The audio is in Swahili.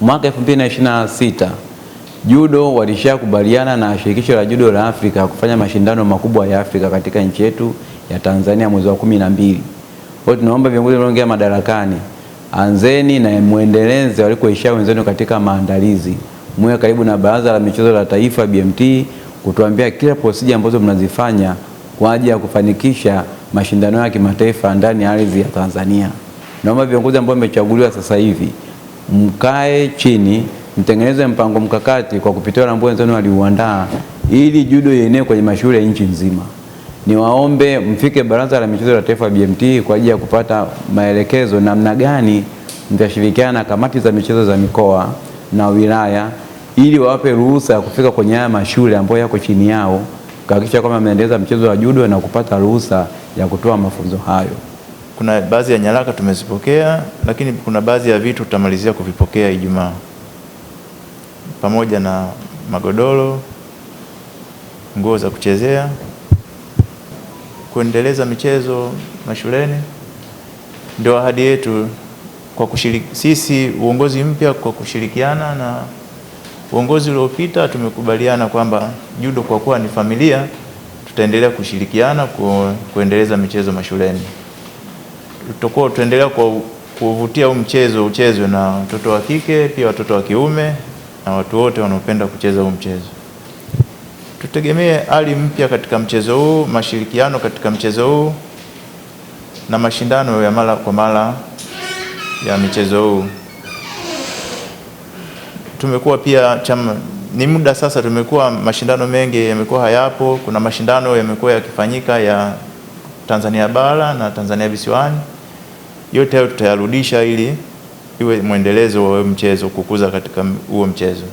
Mwaka 2026 judo walishakubaliana na shirikisho la judo la Afrika kufanya mashindano makubwa ya Afrika katika nchi yetu ya Tanzania mwezi wa kumi na mbili. Kwa hiyo tunaomba viongozi wanaoingia madarakani, anzeni na muendeleze walikoishia wenzenu katika maandalizi, muwe karibu na baraza la michezo la taifa BMT kutuambia kila procedure ambazo mnazifanya kwa ajili ya kufanikisha mashindano ya kimataifa ndani ya ardhi ya Tanzania. Naomba viongozi ambao wamechaguliwa sasa hivi mkae chini mtengeneze mpango mkakati kwa kupitia ambao wenzenu waliuandaa ili judo ienee kwenye mashule ya nchi nzima. Niwaombe mfike Baraza la Michezo la Taifa BMT kwa ajili ya kupata maelekezo namna gani mtashirikiana na kamati za michezo za mikoa na wilaya ili wawape ruhusa ya kufika kwenye haya mashule ambayo yako chini yao kuhakikisha kwamba mnaendeleza mchezo wa judo na kupata ruhusa ya kutoa mafunzo hayo kuna baadhi ya nyaraka tumezipokea, lakini kuna baadhi ya vitu tutamalizia kuvipokea Ijumaa pamoja na magodoro, nguo za kuchezea, kuendeleza michezo mashuleni. Ndio ahadi yetu kwa kushiriki, sisi uongozi mpya kwa kushirikiana na uongozi uliopita tumekubaliana kwamba judo kwa kuwa ni familia, tutaendelea kushirikiana kuendeleza michezo mashuleni tutakuwa tutaendelea kuvutia huu mchezo uchezwe na watoto wa kike pia watoto wa kiume na watu wote wanaopenda kucheza huu mchezo. Tutegemee hali mpya katika mchezo huu, mashirikiano katika mchezo huu na mashindano ya mara kwa mara ya michezo huu. Tumekuwa pia chama, ni muda sasa, tumekuwa mashindano mengi yamekuwa hayapo. Kuna mashindano yamekuwa yakifanyika ya Tanzania bara na Tanzania visiwani. Yote hayo tutayarudisha ili iwe mwendelezo wa mchezo, kukuza katika huo mchezo.